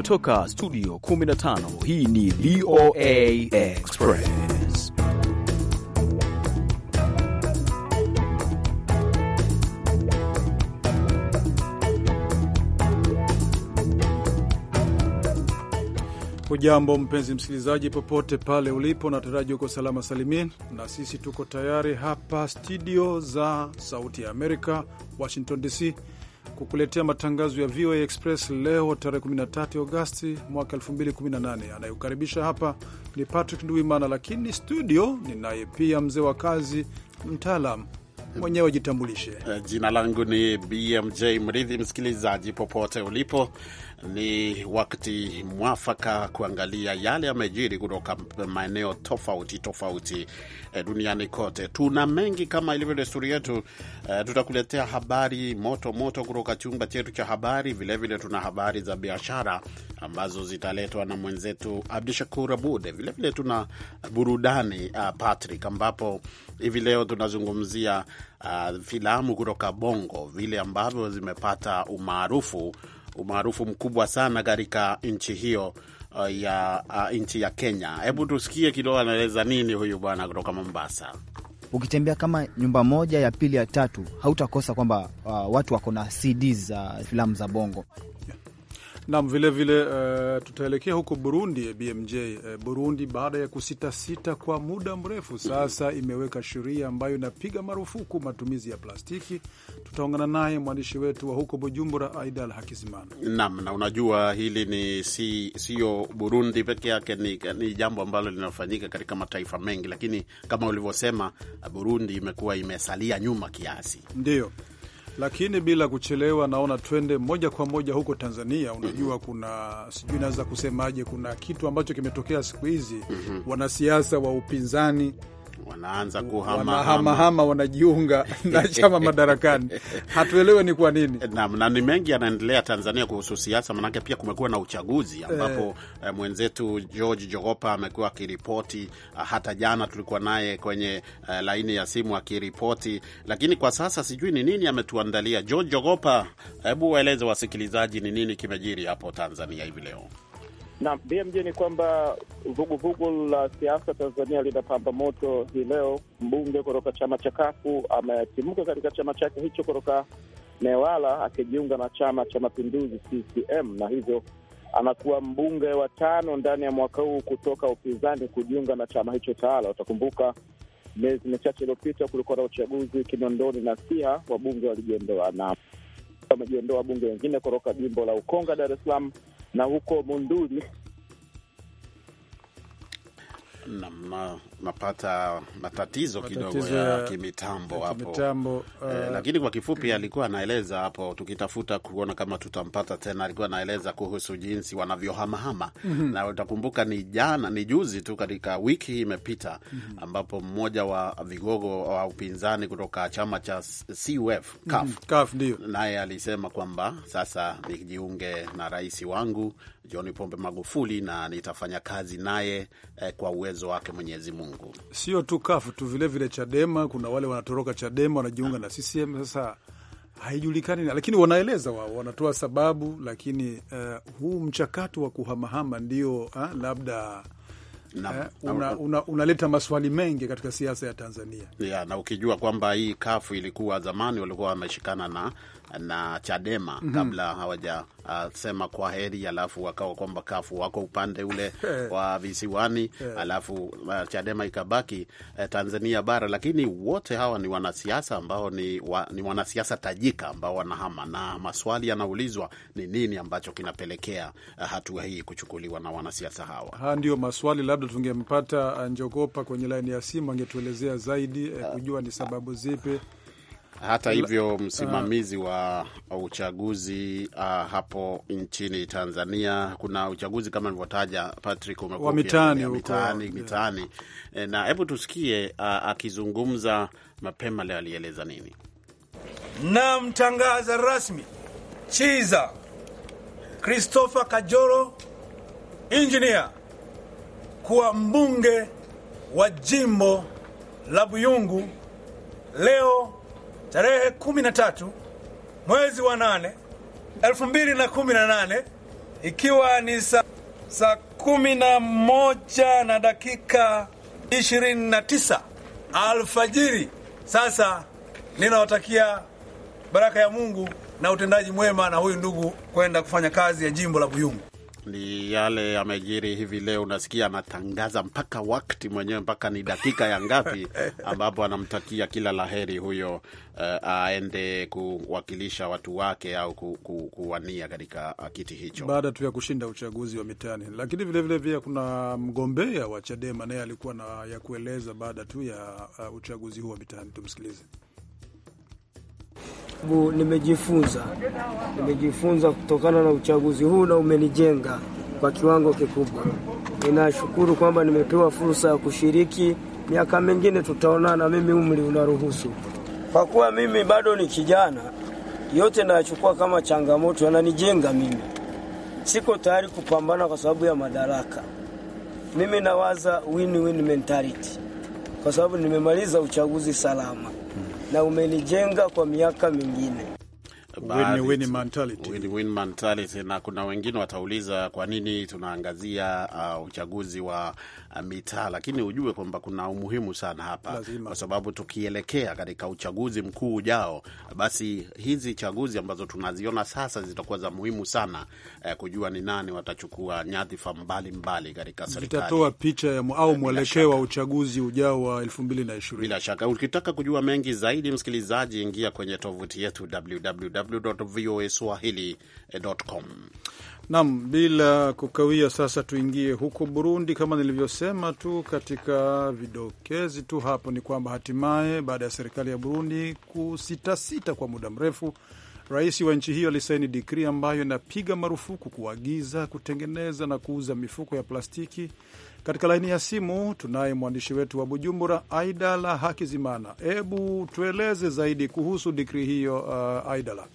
kutoka studio 15 hii ni VOA Express. Ujambo mpenzi msikilizaji, popote pale ulipo, nataraji uko salama salimin, na sisi tuko tayari hapa studio za Sauti ya Amerika, Washington DC kukuletea matangazo ya VOA Express leo tarehe 13 Agosti mwaka 2018. Anayekukaribisha hapa ni Patrick Nduimana, lakini studio ninaye pia mzee wa kazi, mtaalam mwenyewe jitambulishe. Jina langu ni BMJ Mridhi. Msikilizaji popote ulipo ni wakati mwafaka kuangalia yale yamejiri kutoka maeneo tofauti tofauti eh, duniani kote. Tuna mengi kama ilivyo desturi yetu. E, tutakuletea habari moto moto kutoka chumba chetu cha habari. Vilevile tuna habari za biashara ambazo zitaletwa na mwenzetu Abdu Abud. Vilevile tuna burudani uh, Patrick, ambapo hivi leo tunazungumzia uh, filamu kutoka Bongo vile ambavyo zimepata umaarufu umaarufu mkubwa sana katika nchi hiyo uh, ya uh, nchi ya Kenya. Hebu tusikie kidogo, anaeleza nini huyu bwana kutoka Mombasa. Ukitembea kama nyumba moja ya pili ya tatu, hautakosa kwamba uh, watu wako na CD za filamu za bongo. Nam vilevile uh, eh, tutaelekea huko Burundi eh, BMJ. Uh, eh, Burundi baada ya kusitasita kwa muda mrefu sasa imeweka sheria ambayo inapiga marufuku matumizi ya plastiki. Tutaungana naye mwandishi wetu wa huko Bujumbura, Aidal Hakizimana. Nam, na unajua hili ni si, Burundi peke yake, ni, ni jambo ambalo linafanyika katika mataifa mengi, lakini kama ulivyosema, Burundi imekuwa imesalia nyuma kiasi, ndio lakini bila kuchelewa, naona twende moja kwa moja huko Tanzania. Unajua kuna sijui naweza kusemaje, kuna kitu ambacho kimetokea siku hizi, mhm. wanasiasa wa upinzani wanaanza kuhama wanajiunga na chama madarakani, hatuelewe ni kwa nini nam. Na ni mengi yanaendelea Tanzania kuhusu siasa, manake pia kumekuwa na uchaguzi ambapo eh, eh mwenzetu George Jogopa amekuwa akiripoti. Ah, hata jana tulikuwa naye kwenye eh, laini ya simu akiripoti, lakini kwa sasa sijui ni nini ametuandalia George Jogopa. Hebu waeleze wasikilizaji ni nini kimejiri hapo Tanzania hivi leo. Na BMJ ni kwamba vuguvugu la siasa Tanzania linapamba moto hii leo. Mbunge kutoka chama cha Kafu ametimuka katika chama chake hicho kutoka Newala akijiunga na chama cha mapinduzi CCM, na hivyo anakuwa mbunge wa tano ndani ya mwaka huu kutoka upinzani kujiunga na chama hicho tawala. Utakumbuka miezi michache iliyopita kulikuwa na uchaguzi Kinondoni na Siha, wabunge walijiondoa na wamejiondoa wabunge wengine kutoka jimbo la Ukonga, Dar es Salaam na huko Monduli na mapata matatizo kidogo ya kimitambo hapo eh, uh, lakini kwa kifupi alikuwa anaeleza hapo, tukitafuta kuona kama tutampata tena, alikuwa anaeleza kuhusu jinsi wanavyohamahama mm -hmm. na utakumbuka ni jana, ni juzi tu katika wiki hii imepita mm -hmm. ambapo mmoja wa vigogo wa upinzani kutoka chama cha CUF mhm. CUF naye alisema kwamba sasa nijiunge na rais wangu John Pombe Magufuli na nitafanya kazi naye eh, kwa uwezo wake Mwenyezi Mungu. Sio tu kafu tu, vilevile Chadema, kuna wale wanatoroka Chadema wanajiunga na CCM. Sasa haijulikani, lakini wanaeleza wao, wanatoa sababu, lakini uh, huu mchakato wa kuhamahama ndio uh, labda na, eh, una, una, unaleta maswali mengi katika siasa ya Tanzania. Yeah, na ukijua kwamba hii kafu ilikuwa zamani walikuwa wameshikana na na Chadema mm -hmm. kabla hawajasema uh, kwa heri, alafu wakawa kwamba kafu wako upande ule wa visiwani alafu uh, Chadema ikabaki uh, Tanzania bara, lakini wote hawa ni wanasiasa ambao ni, wa, ni wanasiasa tajika ambao wanahama, na maswali yanaulizwa ni nini ambacho kinapelekea uh, hatua hii kuchukuliwa na wanasiasa hawa. Ha, ndio maswali labda tungempata uh, Njogopa kwenye laini ya simu angetuelezea zaidi uh, uh kujua ni sababu zipi uh, hata hivyo ah. msimamizi wa uchaguzi uh, hapo nchini Tanzania kuna uchaguzi kama nilivyotaja, Patrick, umekuwa mitaani mitaani, eh, na hebu tusikie uh, akizungumza mapema leo alieleza nini. Namtangaza rasmi Chiza Christopher Kajoro Engineer kuwa mbunge wa jimbo la Buyungu leo tarehe kumi na tatu mwezi wa nane elfu mbili na kumi na nane ikiwa ni saa sa kumi na moja na dakika ishirini na tisa alfajiri. Sasa ninawatakia baraka ya Mungu na utendaji mwema na huyu ndugu kwenda kufanya kazi ya jimbo la Buyungu ni yale yamejiri hivi leo. Unasikia anatangaza mpaka wakati mwenyewe, mpaka ni dakika ya ngapi, ambapo anamtakia kila laheri huyo uh, aende kuwakilisha watu wake au ku, ku, kuwania katika uh, kiti hicho baada tu ya kushinda uchaguzi wa mitaani. Lakini vilevile pia kuna mgombea wa Chadema naye alikuwa na ya kueleza baada tu ya uh, uchaguzi huu wa mitaani, tumsikilize sababu nimejifunza, nimejifunza kutokana na uchaguzi huu na umenijenga kwa kiwango kikubwa. Ninashukuru kwamba nimepewa fursa ya kushiriki. Miaka mingine tutaonana, mimi umri unaruhusu. Kwa kuwa mimi bado ni kijana, yote nayachukua kama changamoto, yananijenga mimi. Siko tayari kupambana kwa sababu ya madaraka. Mimi nawaza win-win mentality, kwa sababu nimemaliza uchaguzi salama na umenijenga kwa miaka mingine. mentality. mentality. Na kuna wengine watauliza kwa nini tunaangazia uh, uchaguzi wa Uh, mitaa, lakini ujue kwamba kuna umuhimu sana hapa Lazima. kwa sababu tukielekea katika uchaguzi mkuu ujao, basi hizi chaguzi ambazo tunaziona sasa zitakuwa za muhimu sana eh, kujua ni nani watachukua nyadhifa mbalimbali katika serikali, zitatoa picha ya au mwelekeo wa uchaguzi ujao wa 2020 bila shaka. Ukitaka kujua mengi zaidi, msikilizaji, ingia kwenye tovuti yetu www.voaswahili.com. Nam, bila kukawia, sasa tuingie huko Burundi. Kama nilivyosema tu katika vidokezi tu hapo, ni kwamba hatimaye baada ya serikali ya Burundi kusitasita kwa muda mrefu, rais wa nchi hiyo alisaini dikri ambayo inapiga marufuku kuagiza, kutengeneza na kuuza mifuko ya plastiki. Katika laini ya simu tunaye mwandishi wetu wa Bujumbura, Aidala Hakizimana. Hebu tueleze zaidi kuhusu dikri hiyo, uh, Aidala.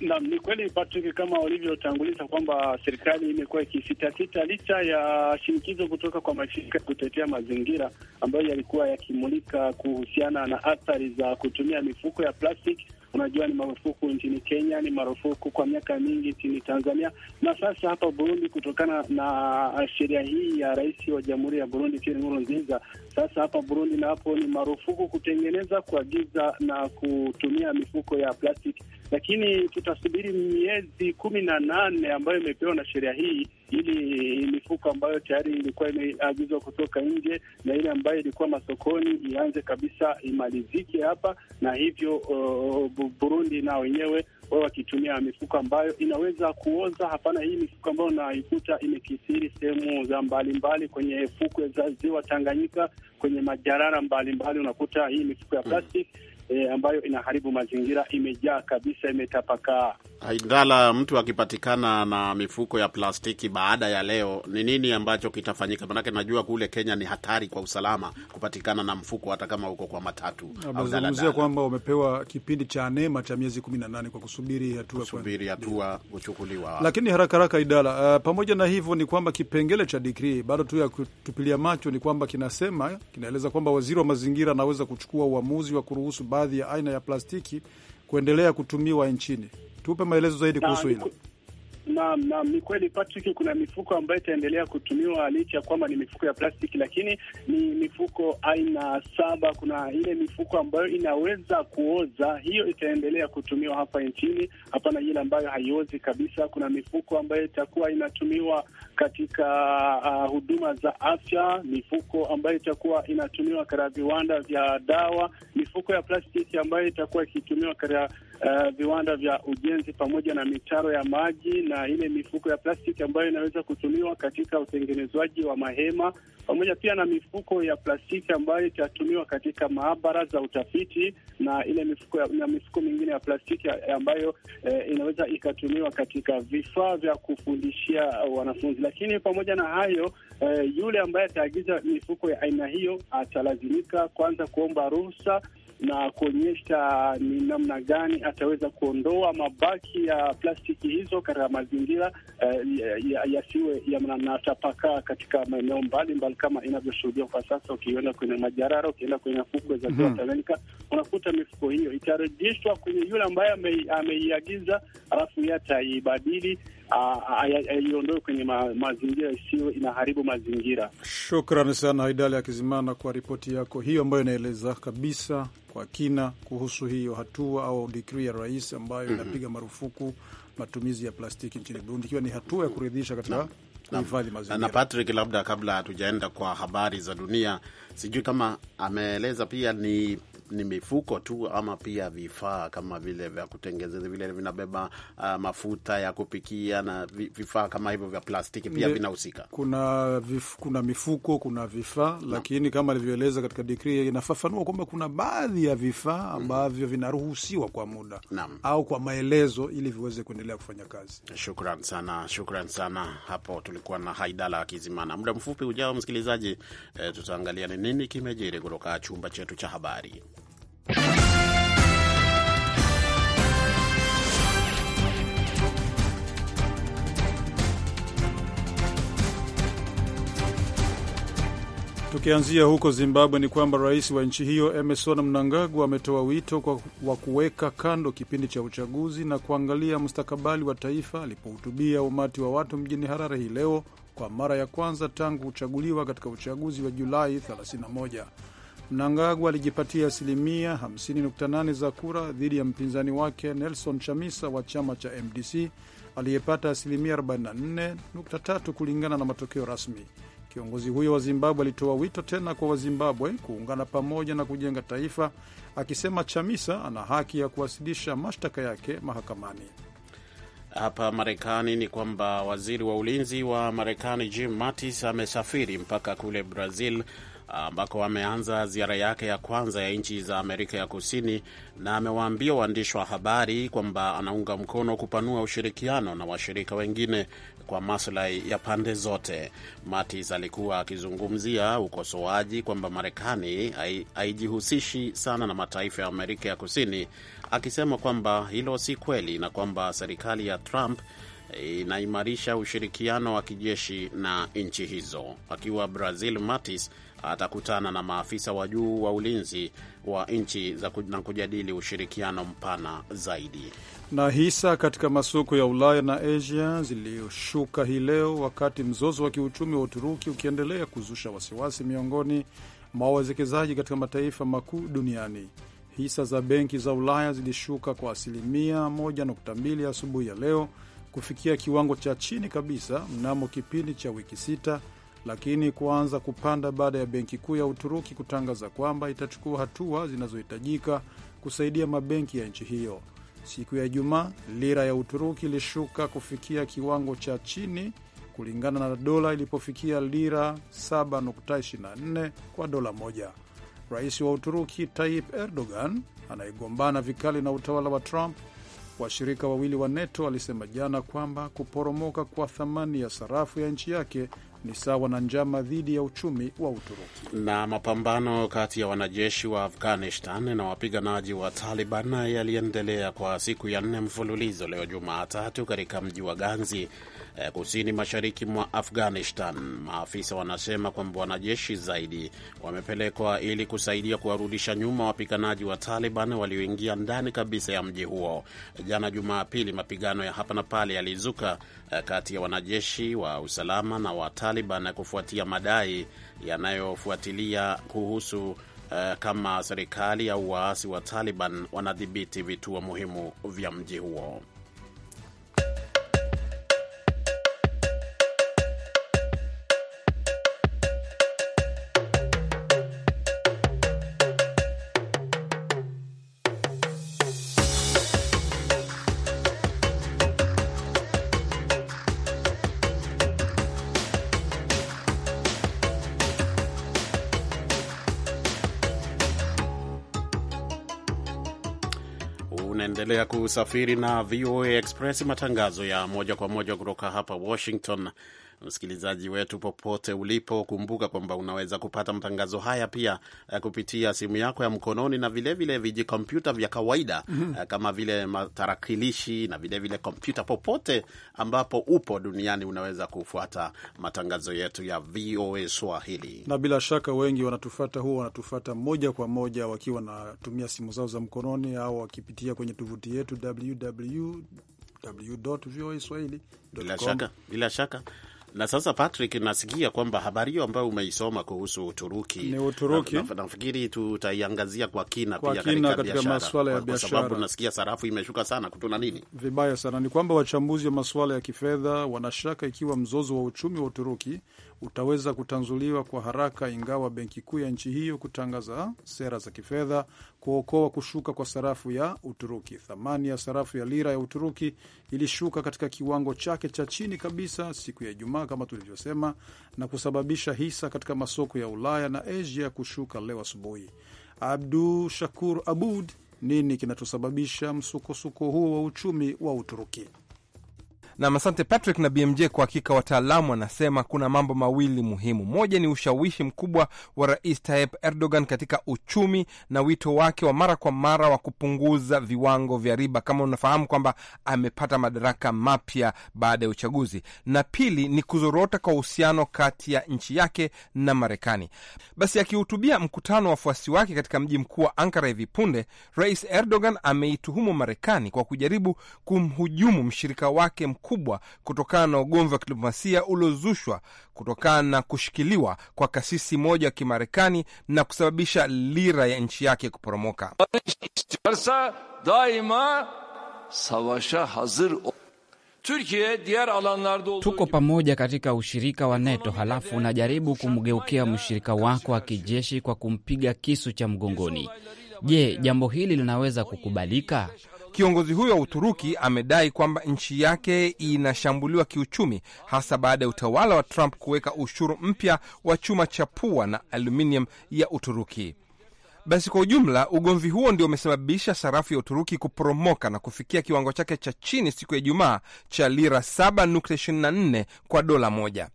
Naam, ni kweli Patrick, kama walivyotanguliza kwamba serikali imekuwa ikisitasita licha ya shinikizo kutoka kwa mashirika ya kutetea mazingira ambayo yalikuwa yakimulika kuhusiana na athari za kutumia mifuko ya plastiki. Unajua, ni marufuku nchini Kenya, ni marufuku kwa miaka mingi nchini Tanzania, na sasa hapa Burundi, kutokana na sheria hii ya rais wa jamhuri ya Burundi Pierre Nkurunziza, sasa hapa Burundi na hapo ni marufuku kutengeneza, kuagiza na kutumia mifuko ya plastiki lakini tutasubiri miezi kumi na nane ambayo imepewa na sheria hii ili mifuko ambayo tayari ilikuwa imeagizwa kutoka nje na ile ambayo ilikuwa masokoni ianze kabisa imalizike hapa, na hivyo uh, Burundi na wenyewe wao wakitumia mifuko ambayo inaweza kuoza. Hapana, hii mifuko ambayo unaikuta imekisiri sehemu za mbalimbali kwenye fukwe za ziwa Tanganyika, kwenye majarara mbalimbali, unakuta hii mifuko ya hmm. plastic e, ambayo inaharibu mazingira imejaa kabisa, imetapakaa. Aidala, mtu akipatikana na mifuko ya plastiki baada ya leo, ni nini ambacho kitafanyika? Manake najua kule Kenya ni hatari kwa usalama kupatikana na mfuko, hata kama uko kwa matatu. Amezungumzia kwamba wamepewa kipindi cha neema cha miezi kumi na nane kwa kusubiri hatua kusubiri hatua kuchukuliwa, lakini haraka haraka Idala. Uh, pamoja na hivyo ni kwamba kipengele cha digrii bado tu ya kutupilia macho ni kwamba kinasema, kinaeleza kwamba waziri wa mazingira anaweza kuchukua uamuzi wa kuruhusu baadhi ya aina ya plastiki kuendelea kutumiwa nchini. Tupe maelezo zaidi kuhusu hilo. Naam, naam, ni kweli Patrick, kuna mifuko ambayo itaendelea kutumiwa licha ya kwamba ni mifuko ya plastiki, lakini ni mifuko aina saba. Kuna ile mifuko ambayo inaweza kuoza, hiyo itaendelea kutumiwa hapa nchini. Hapana ile ambayo haiozi kabisa. Kuna mifuko ambayo itakuwa inatumiwa katika uh, huduma za afya, mifuko ambayo itakuwa inatumiwa katika viwanda vya dawa, mifuko ya plastiki ambayo itakuwa ikitumiwa katika uh, viwanda vya ujenzi pamoja na mitaro ya maji na ile mifuko ya plastiki ambayo inaweza kutumiwa katika utengenezwaji wa mahema pamoja pia na mifuko ya plastiki ambayo itatumiwa katika maabara za utafiti na ile mifuko ya, na mifuko mingine ya plastiki ambayo eh, inaweza ikatumiwa katika vifaa vya kufundishia wanafunzi. Lakini pamoja na hayo eh, yule ambaye ataagiza mifuko ya aina hiyo atalazimika kwanza kuomba ruhusa na kuonyesha ni namna gani ataweza kuondoa mabaki ya plastiki hizo katika mazingira eh, yasiwe ya, ya katika maeneo mbalimbali kama inavyoshuhudia kwa sasa. Ukienda kwenye majarara, ukienda kwenye fukwe za ziwa mhm. Tanganyika, unakuta mifuko hiyo itarejeshwa kwenye yule ambaye ameiagiza, alafu yeye ataibadili aiondoe kwenye ma, mazingira isiyo inaharibu mazingira. Shukrani sana Haidali Akizimana kwa ripoti yako hiyo ambayo inaeleza kabisa kwa kina kuhusu hiyo hatua au dikri ya rais ambayo mm -hmm. inapiga marufuku matumizi ya plastiki nchini Burundi, ikiwa ni hatua ya kuridhisha katika no. Na, na Patrick, labda kabla hatujaenda kwa habari za dunia, sijui kama ameeleza pia ni ni mifuko tu ama pia vifaa kama vile vya kutengeneza vile vinabeba uh, mafuta ya kupikia na vifaa kama hivyo vya plastiki pia vinahusika. Kuna, kuna mifuko kuna vifaa mm. lakini na, kama alivyoeleza katika dikri inafafanua kwamba kuna baadhi ya vifaa mm. ambavyo mm, vinaruhusiwa kwa muda na, au kwa maelezo ili viweze kuendelea kufanya kazi. Shukran sana, shukran sana. Hapo tulikuwa na Haidala Akizimana. Muda mfupi ujao, msikilizaji, eh, tutaangalia ni nini kimejiri kutoka chumba chetu cha habari. Tukianzia huko Zimbabwe ni kwamba rais wa nchi hiyo Emerson Mnangagwa ametoa wito wa kuweka kando kipindi cha uchaguzi na kuangalia mustakabali wa taifa alipohutubia umati wa watu mjini Harare hii leo kwa mara ya kwanza tangu kuchaguliwa katika uchaguzi wa Julai 31. Mnangagwa alijipatia asilimia 50.8 za kura dhidi ya mpinzani wake Nelson Chamisa wa chama cha MDC aliyepata asilimia 44.3 kulingana na matokeo rasmi. Kiongozi huyo wa Zimbabwe alitoa wito tena kwa Wazimbabwe kuungana pamoja na kujenga taifa, akisema Chamisa ana haki ya kuwasilisha mashtaka yake mahakamani. Hapa Marekani ni kwamba waziri wa ulinzi wa Marekani Jim Mattis amesafiri mpaka kule Brazil ambako ameanza ziara yake ya kwanza ya nchi za Amerika ya Kusini, na amewaambia waandishi wa habari kwamba anaunga mkono kupanua ushirikiano na washirika wengine kwa maslahi ya pande zote. Mattis alikuwa akizungumzia ukosoaji kwamba Marekani haijihusishi sana na mataifa ya Amerika ya Kusini, akisema kwamba hilo si kweli na kwamba serikali ya Trump inaimarisha ushirikiano wa kijeshi na nchi hizo. Akiwa Brazil, Mattis atakutana na maafisa wa juu wa ulinzi wa nchi na kujadili ushirikiano mpana zaidi. Na hisa katika masoko ya Ulaya na Asia ziliyoshuka hii leo, wakati mzozo wa kiuchumi wa Uturuki ukiendelea kuzusha wasiwasi miongoni mwa wawekezaji katika mataifa makuu duniani. Hisa za benki za Ulaya zilishuka kwa asilimia 1.2 asubuhi ya leo kufikia kiwango cha chini kabisa mnamo kipindi cha wiki sita lakini kuanza kupanda baada ya benki kuu ya Uturuki kutangaza kwamba itachukua hatua zinazohitajika kusaidia mabenki ya nchi hiyo. Siku ya Ijumaa, lira ya Uturuki ilishuka kufikia kiwango cha chini kulingana na dola ilipofikia lira 7.24 kwa dola moja. Rais wa Uturuki Tayyip Erdogan anayegombana vikali na utawala wa Trump, washirika wawili wa NATO, alisema jana kwamba kuporomoka kwa thamani ya sarafu ya nchi yake ni sawa na njama dhidi ya uchumi wa Uturuki. Na mapambano kati ya wanajeshi wa Afghanistan na wapiganaji wa Taliban yaliendelea kwa siku ya nne mfululizo leo Jumatatu katika mji wa Ganzi, eh, kusini mashariki mwa Afghanistan. Maafisa wanasema kwamba wanajeshi zaidi wamepelekwa ili kusaidia kuwarudisha nyuma wapiganaji wa Taliban walioingia ndani kabisa ya mji huo. Jana Jumapili, mapigano ya hapa na pale yalizuka eh, kati ya wanajeshi wa usalama na wa Taliban kufuatia madai yanayofuatilia kuhusu uh, kama serikali au waasi wa Taliban wanadhibiti vituo muhimu vya mji huo. Unaendelea kusafiri na VOA Express, matangazo ya moja kwa moja kutoka hapa Washington. Msikilizaji wetu popote ulipo, kumbuka kwamba unaweza kupata matangazo haya pia eh, kupitia simu yako ya mkononi na vilevile vijikompyuta vya kawaida mm -hmm. kama vile matarakilishi na vilevile kompyuta. Popote ambapo upo duniani unaweza kufuata matangazo yetu ya VOA Swahili, na bila shaka wengi wanatufata huwa wanatufata moja kwa moja wakiwa wanatumia simu zao za mkononi au wakipitia kwenye tuvuti yetu www bila shaka, bila shaka na sasa Patrick, nasikia kwamba habari hiyo ambayo umeisoma kuhusu Uturuki ni Uturuki, nafikiri na, na tutaiangazia kwa kina kwa pia kina katika masuala ya biashara, kwa sababu nasikia sarafu imeshuka sana. Kutuna nini vibaya sana ni kwamba wachambuzi wa masuala ya kifedha wanashaka ikiwa mzozo wa uchumi wa Uturuki utaweza kutanzuliwa kwa haraka, ingawa benki kuu ya nchi hiyo kutangaza sera za kifedha kuokoa kushuka kwa sarafu ya Uturuki. Thamani ya sarafu ya lira ya Uturuki ilishuka katika kiwango chake cha chini kabisa siku ya Ijumaa kama tulivyosema, na kusababisha hisa katika masoko ya Ulaya na Asia kushuka leo asubuhi. Abdu Shakur Abud, nini kinachosababisha msukosuko huo wa uchumi wa Uturuki? Nam, asante Patrick na BMJ. Kwa hakika wataalamu wanasema kuna mambo mawili muhimu. Moja ni ushawishi mkubwa wa Rais Tayyip Erdogan katika uchumi na wito wake wa mara kwa mara wa kupunguza viwango vya riba, kama unafahamu kwamba amepata madaraka mapya baada ya uchaguzi, na pili ni kuzorota kwa uhusiano kati ya nchi yake na Marekani. Basi akihutubia mkutano wa wafuasi wake katika mji mkuu wa Ankara hivi punde, Rais Erdogan ameituhumu Marekani kwa kujaribu kumhujumu mshirika wake mkuu kubwa kutokana na ugomvi wa kidiplomasia uliozushwa kutokana na kushikiliwa kwa kasisi moja wa Kimarekani na kusababisha lira ya nchi yake kuporomoka. diğer alanlarda tuko pamoja katika ushirika wa NATO, halafu unajaribu kumgeukea mshirika wako wa kijeshi kwa kumpiga kisu cha mgongoni. Je, jambo hili linaweza kukubalika? Kiongozi huyo wa Uturuki amedai kwamba nchi yake inashambuliwa kiuchumi, hasa baada ya utawala wa Trump kuweka ushuru mpya wa chuma cha pua na aluminium ya Uturuki. Basi kwa ujumla, ugomvi huo ndio umesababisha sarafu ya Uturuki kuporomoka na kufikia kiwango chake cha chini siku ya Ijumaa cha lira 7.24 kwa dola moja.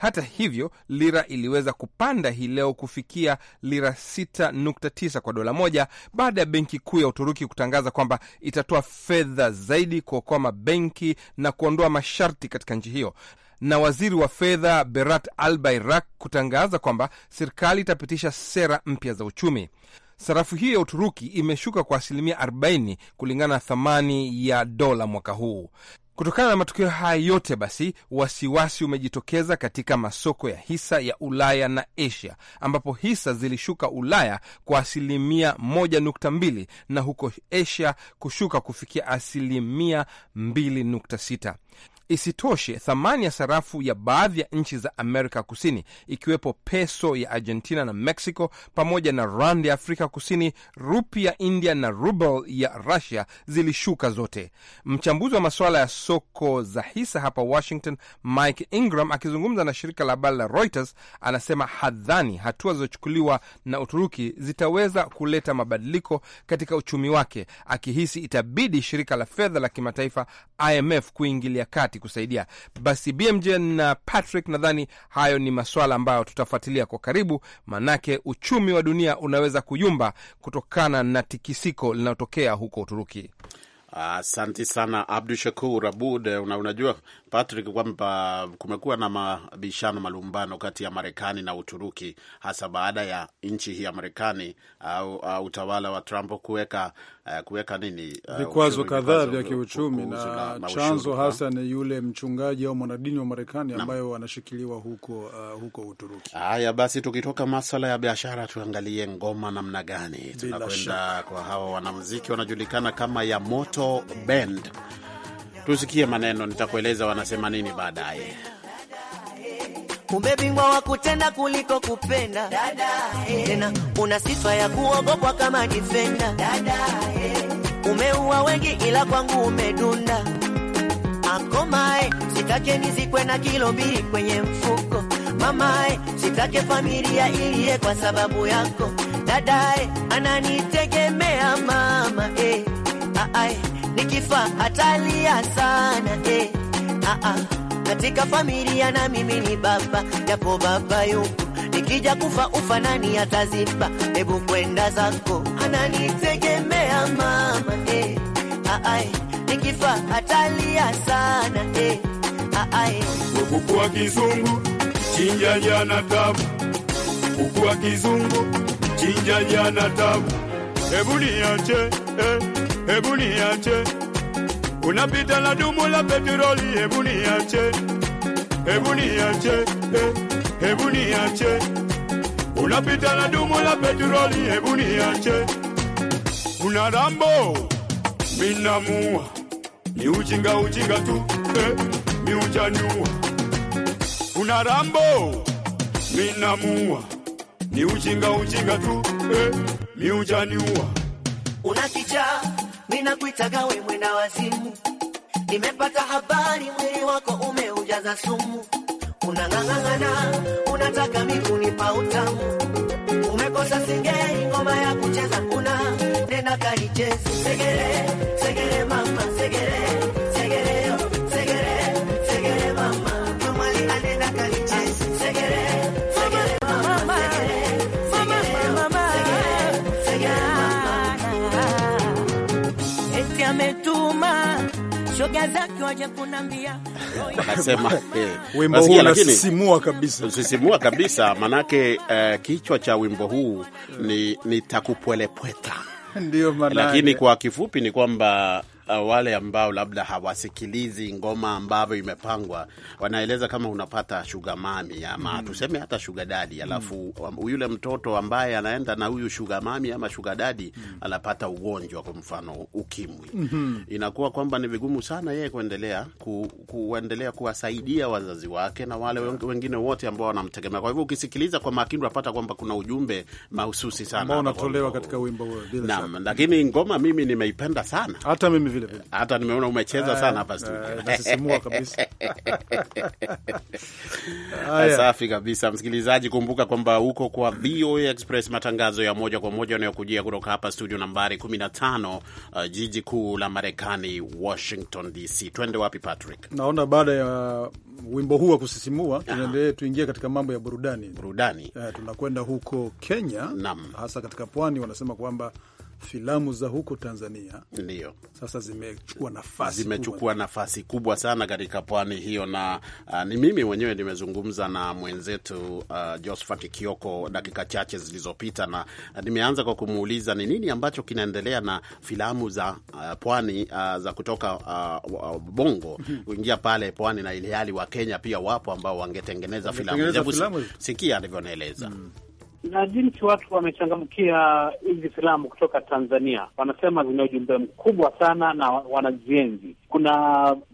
Hata hivyo, lira iliweza kupanda hii leo kufikia lira 6.9 kwa dola moja baada ya benki kuu ya Uturuki kutangaza kwamba itatoa fedha zaidi kuokoa mabenki na kuondoa masharti katika nchi hiyo na waziri wa fedha Berat Albayrak kutangaza kwamba serikali itapitisha sera mpya za uchumi. Sarafu hiyo ya Uturuki imeshuka kwa asilimia 40 kulingana na thamani ya dola mwaka huu. Kutokana na matukio haya yote basi, wasiwasi umejitokeza katika masoko ya hisa ya Ulaya na Asia, ambapo hisa zilishuka Ulaya kwa asilimia 1.2 na huko Asia kushuka kufikia asilimia 2.6. Isitoshe, thamani ya sarafu ya baadhi ya nchi za Amerika Kusini, ikiwepo peso ya Argentina na Mexico pamoja na rand ya Afrika Kusini, rupi ya India na rubel ya Russia zilishuka zote. Mchambuzi wa masuala ya soko za hisa hapa Washington, Mike Ingram, akizungumza na shirika la habari la Reuters, anasema hadhani hatua zilizochukuliwa na Uturuki zitaweza kuleta mabadiliko katika uchumi wake, akihisi itabidi shirika la fedha la kimataifa IMF kuingilia kati kusaidia. Basi BMJ na Patrick, nadhani hayo ni maswala ambayo tutafuatilia kwa karibu, manake uchumi wa dunia unaweza kuyumba kutokana na tikisiko linalotokea huko Uturuki. Asante uh, sana Abdu Shakur Abud. Una, unajua Patrick kwamba kumekuwa na mabishano malumbano kati ya Marekani na Uturuki, hasa baada ya nchi hii ya Marekani au uh, uh, utawala wa Trump kuweka uh, kuweka nini eh, vikwazo uh, kadhaa vya kiuchumi na, na chanzo hasa ni yule mchungaji au mwanadini wa Marekani ambayo wanashikiliwa huko, uh, huko Uturuki. Haya basi, tukitoka masala ya biashara tuangalie ngoma namna gani. Tunakwenda kwa hawa wanamuziki wanajulikana kama ya Moto Band, tusikie maneno, nitakueleza wanasema nini baadaye. Kumbe bingwa wa kutenda kuliko kupenda dada, eh. Tena una sifa ya kuogopwa kama defender dada, eh. Umeua wengi ila kwangu umedunda akomae, sitake nizikwe na kilo mbili kwenye mfuko mamae, sitake familia iliye kwa sababu yako dadae, ananitegemea mama eh. Aae, nikifa atalia sana eh. Aa katika familia na mimi ni baba, japo baba yuko nikija kufa ufa nani atazipa? Hebu kwenda zako, ananitegemea mama eh, aai, ah, ah, nikifa atalia sana eh, aai, ah, kuku wa kizungu chinja jana tabu, kuku wa kizungu chinja jana tabu, hebu niache eh, hebu niache eh unapita na dumu la petroli. Hebu niache, hebu eh, niache, hebu niache, unapita na dumu la petroli. Hebu niache, una rambo minamua ni ujinga, ujinga tu eh, miujanua una rambo minamua ni ujinga, ujinga tu eh, miujanua unakicha ninakuitaga we mwenda wazimu, nimepata habari mwili wako umeujaza sumu, unang'ang'ana unataka mikunipa utamu, umekosa singeli ngoma ya kucheza, kuna nena kaichezi segele Akasema eh, wimbo huu unasisimua kabisa, usisimua kabisa manake, uh, kichwa cha wimbo huu ni nitakupwelepweta. Ndio maana, lakini kwa kifupi ni kwamba uh, wale ambao labda hawasikilizi ngoma ambavyo imepangwa wanaeleza kama unapata shuga mami ama mm. tuseme hata shuga dadi, hmm. alafu mm. yule mtoto ambaye anaenda na huyu shuga mami ama shuga dadi mm. anapata ugonjwa kwa mfano ukimwi mm -hmm. inakuwa kwamba ni vigumu sana yeye kuendelea ku, kuendelea kuwasaidia wazazi wake na wale wengine wote ambao wanamtegemea. Kwa hivyo ukisikiliza kwa makini unapata kwamba kuna ujumbe mahususi sana ambao unatolewa katika wimbo huo, bila shaka. lakini ngoma mimi nimeipenda sana hata mimi vile vile. Hata nimeona umecheza sana hapa eh, studio, eh, nasisimua kabisa. Safi kabisa, msikilizaji, kumbuka kwamba huko kwa VOA Express, matangazo ya moja kwa moja yanayokujia kutoka hapa studio nambari 15, uh, jiji kuu la Marekani, Washington DC. Twende wapi Patrick? Naona baada ya wimbo huu wa kusisimua ah. tuendelee, tuingie katika mambo ya burudani. Burudani, eh, tunakwenda huko Kenya, hasa katika pwani, wanasema kwamba filamu za huko Tanzania ndio sasa zimechukua nafasi, zimechukua nafasi kubwa sana katika pwani hiyo, na uh, ni mimi mwenyewe nimezungumza na mwenzetu uh, Josephat Kioko dakika chache zilizopita, na uh, nimeanza kwa kumuuliza ni nini ambacho kinaendelea na filamu za uh, pwani uh, za kutoka uh, Bongo mhm. kuingia pale pwani, na ilihali wa Kenya pia wapo ambao wangetengeneza filamu, sikia alivyonaeleza mm na jinsi watu wamechangamkia hizi filamu kutoka Tanzania, wanasema zina ujumbe mkubwa sana na wanazienzi. Kuna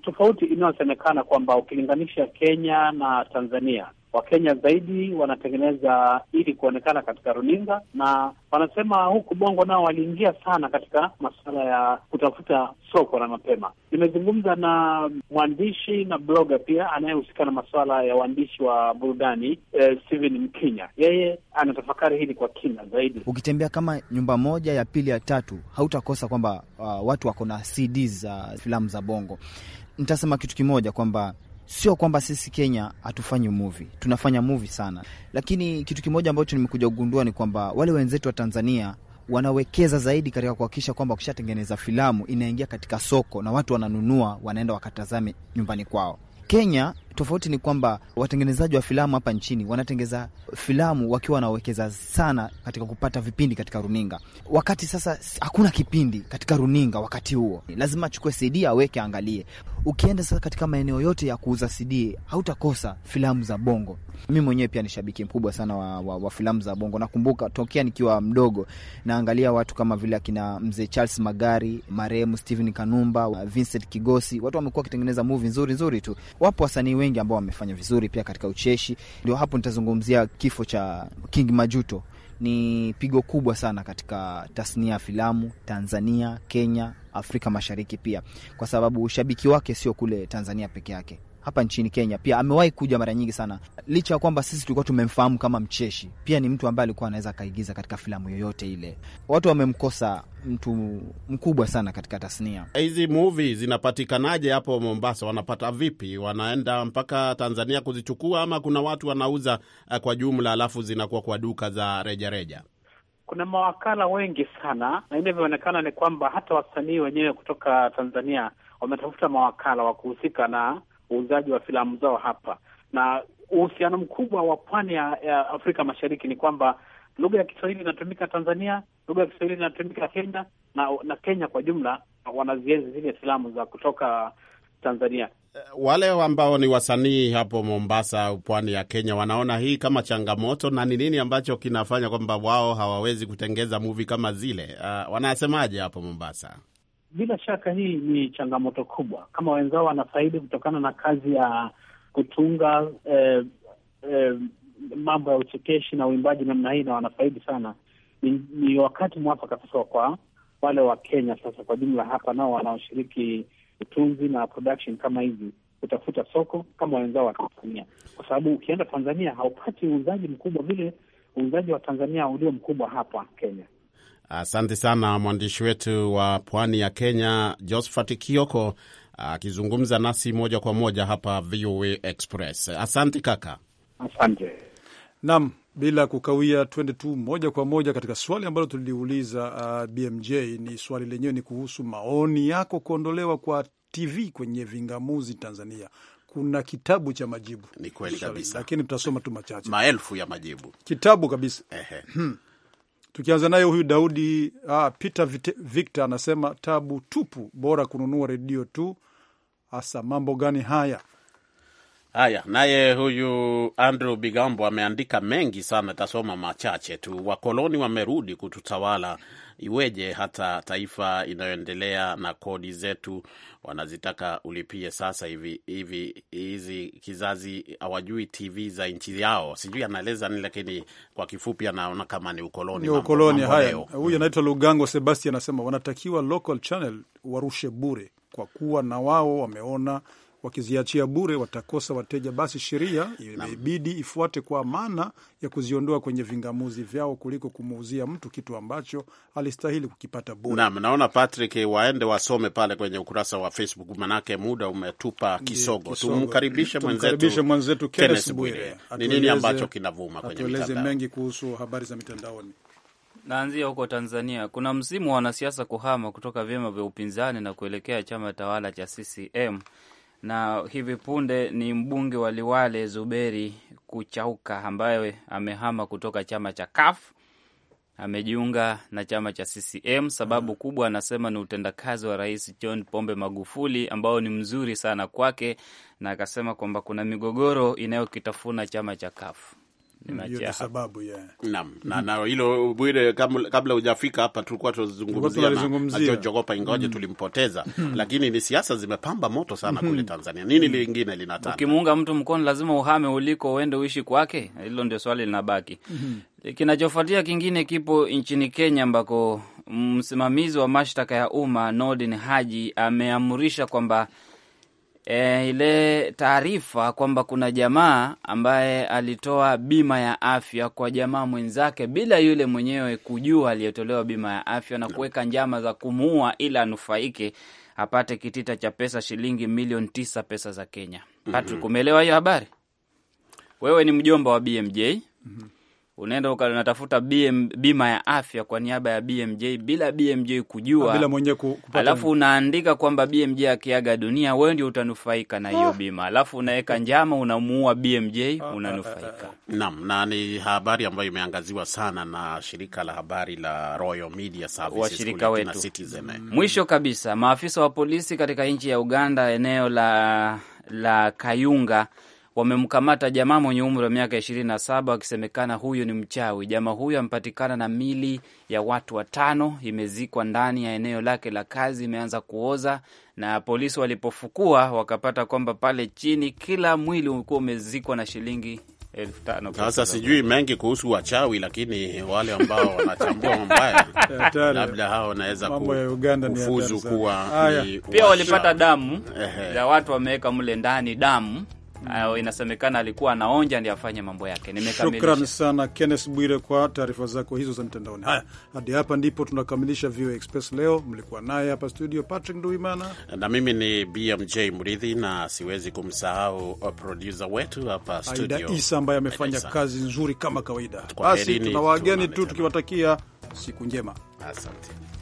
tofauti inayosemekana kwamba ukilinganisha Kenya na Tanzania, Wakenya zaidi wanatengeneza ili kuonekana katika runinga, na wanasema huku Bongo nao waliingia sana katika masuala ya kutafuta soko la mapema. Nimezungumza na mwandishi na bloga pia anayehusika na masuala ya waandishi wa burudani eh, Steven Mkinya. Yeye anatafakari hili kwa kina zaidi. Ukitembea kama nyumba moja ya pili ya tatu, hautakosa kwamba uh, watu wako na CD za filamu za Bongo. Nitasema kitu kimoja kwamba Sio kwamba sisi Kenya hatufanyi muvi, tunafanya muvi sana, lakini kitu kimoja ambacho nimekuja kugundua ni kwamba wale wenzetu wa Tanzania wanawekeza zaidi katika kuhakikisha kwamba wakishatengeneza filamu inaingia katika soko na watu wananunua, wanaenda wakatazame nyumbani kwao. Kenya Tofauti ni kwamba watengenezaji wa filamu hapa nchini wanatengeza filamu wakiwa wanawekeza sana katika kupata vipindi katika runinga, wakati sasa hakuna kipindi katika runinga. Wakati huo lazima achukue CD aweke angalie. Ukienda sasa katika maeneo yote ya kuuza CD hautakosa filamu za bongo. Mi mwenyewe pia ni shabiki mkubwa sana wa, wa, wa filamu za bongo. Nakumbuka tokea nikiwa mdogo naangalia watu kama vile akina mzee Charles Magari, marehemu Stephen Kanumba, Vincent Kigosi, watu wamekuwa wakitengeneza movie nzuri nzuri tu. Wapo wasanii wengi ambao wamefanya vizuri pia katika ucheshi. Ndio hapo nitazungumzia kifo cha King Majuto. Ni pigo kubwa sana katika tasnia ya filamu Tanzania, Kenya, Afrika Mashariki pia, kwa sababu ushabiki wake sio kule Tanzania peke yake, hapa nchini Kenya pia amewahi kuja mara nyingi sana, licha ya kwamba sisi tulikuwa tumemfahamu kama mcheshi, pia ni mtu ambaye alikuwa anaweza akaigiza katika filamu yoyote ile. Watu wamemkosa mtu mkubwa sana katika tasnia. Hizi movie zinapatikanaje hapo Mombasa? Wanapata vipi? Wanaenda mpaka Tanzania kuzichukua, ama kuna watu wanauza eh, kwa jumla, alafu zinakuwa kwa duka za rejareja? Kuna mawakala wengi sana, na inavyoonekana ni kwamba hata wasanii wenyewe kutoka Tanzania wametafuta mawakala wa kuhusika na uuzaji wa filamu zao hapa, na uhusiano mkubwa wa pwani ya, ya Afrika Mashariki ni kwamba lugha ya Kiswahili inatumika Tanzania, lugha ya Kiswahili inatumika Kenya na, na Kenya kwa jumla wanazienzi zile filamu za kutoka Tanzania. Eh, wale ambao ni wasanii hapo Mombasa, pwani ya Kenya, wanaona hii kama changamoto, na ni nini ambacho kinafanya kwamba wao hawawezi kutengeza movie kama zile? Uh, eh, wanasemaje hapo Mombasa? bila shaka hii ni changamoto kubwa, kama wenzao wanafaidi kutokana na kazi ya kutunga eh, eh, mambo ya uchekeshi na uimbaji namna hii, na wanafaidi sana. Ni, ni wakati mwafaka sasa kwa wale wa Kenya sasa kwa jumla hapa nao wanaoshiriki utunzi na production kama hizi kutafuta soko kama wenzao wa Tanzania, kwa sababu ukienda Tanzania haupati uuzaji mkubwa vile uuzaji wa Tanzania ulio mkubwa hapa Kenya. Asante sana mwandishi wetu wa pwani ya Kenya, Josphat Kioko, akizungumza nasi moja kwa moja hapa VOA Express. Asante kaka. Asante nam. Bila kukawia, twende tu moja kwa moja katika swali ambalo tuliuliza. Uh, BMJ ni swali lenyewe ni kuhusu maoni yako kuondolewa kwa TV kwenye vingamuzi Tanzania. Kuna kitabu cha majibu. Ni kweli kabisa, lakini tutasoma tu machache, maelfu ya majibu, kitabu kabisa. Ehe. Hmm. Tukianza naye huyu Daudi ah, Peter Victor anasema tabu tupu, bora kununua redio tu. Hasa mambo gani haya? Haya, naye huyu Andrew Bigambo ameandika mengi sana, tasoma machache tu. Wakoloni wamerudi kututawala, iweje? Hata taifa inayoendelea na kodi zetu wanazitaka ulipie. Sasa hivi hivi hizi kizazi hawajui TV za nchi yao, sijui anaeleza nini, lakini kwa kifupi anaona kama ni ukoloni, ni ukoloni. Haya, huyu anaitwa Lugango Sebastian anasema wanatakiwa local channel warushe bure, kwa kuwa na wao wameona wakiziachia bure watakosa wateja. Basi sheria imebidi ifuate kwa maana ya kuziondoa kwenye vingamuzi vyao kuliko kumuuzia mtu kitu ambacho alistahili kukipata bure. Naam, naona Patrick, waende wasome pale kwenye ukurasa wa Facebook, manake muda umetupa kisogo. Tumkaribishe mwenzetu, mwenzetu Kenneth Bwire, ni nini ambacho kinavuma kwenye mitandao, mengi kuhusu habari za mitandaoni. Naanzia huko Tanzania. Kuna msimu wa wanasiasa kuhama kutoka vyama vya upinzani na kuelekea chama tawala cha CCM na hivi punde ni mbunge wa Liwale Zuberi Kuchauka ambaye amehama kutoka chama cha KAF amejiunga na chama cha CCM. Sababu mm. kubwa anasema ni utendakazi wa Rais John Pombe Magufuli ambao ni mzuri sana kwake, na akasema kwamba kuna migogoro inayokitafuna chama cha kafu Mm, Naam mm Na hilo Bwire, kabla hujafika hapa, tulikuwa tunazungumzia Jogopa ingoje, mm-hmm. tulimpoteza mm-hmm. lakini ni siasa zimepamba moto sana kule Tanzania. Nini lingine linatanda? Ukimuunga mtu mkono lazima uhame uliko uende uishi kwake, hilo ndio swali linabaki. Kinachofuatia kingine kipo nchini Kenya ambako msimamizi wa mashtaka ya umma Nordin Haji ameamrisha kwamba e, ile taarifa kwamba kuna jamaa ambaye alitoa bima ya afya kwa jamaa mwenzake bila yule mwenyewe kujua aliyetolewa bima ya afya na kuweka njama za kumuua ili anufaike apate kitita cha pesa shilingi milioni tisa pesa za Kenya. Mhm. Patrick, umeelewa hiyo habari? Wewe ni mjomba wa BMJ. mm -hmm unaenda unatafuta bima ya afya kwa niaba ya BMJ bila BMJ kujua, bila mwenye kupata, alafu unaandika kwamba BMJ akiaga dunia wewe ndio utanufaika na hiyo ah. bima, alafu unaweka njama unamuua BMJ ah, ah, unanufaika. Naam, na ni habari ambayo imeangaziwa sana na shirika la habari la Royal Media Services, washirika wetu Citizen. Mm. Mwisho kabisa, maafisa wa polisi katika nchi ya Uganda eneo la la Kayunga wamemkamata jamaa mwenye umri wa miaka ishirini na saba wakisemekana huyu ni mchawi. Jamaa huyu amepatikana na mili ya watu watano imezikwa ndani ya eneo lake la kazi, imeanza kuoza, na polisi walipofukua wakapata kwamba pale chini kila mwili ulikuwa umezikwa na shilingi sasa sijui mengi kuhusu wachawi, lakini wale ambao wanachambua mbaya labda hao wanaweza kufuzu kuwa pia. Walipata damu ya watu wameweka mle ndani damu Uh, inasemekana alikuwa anaonja ndi afanye mambo yake. Shukran sana kennes Bwire kwa taarifa zako hizo za mitandaoni. Haya, hadi hapa ndipo tunakamilisha VOA Express leo. Mlikuwa naye hapa studio Patrick Nduimana na mimi ni BMJ Mridhi, na siwezi kumsahau uh, produsa wetu hapa studio Aida Isa ambaye amefanya kazi nzuri kama kawaida. Basi tuna wageni tu tukiwatakia siku njema, asante.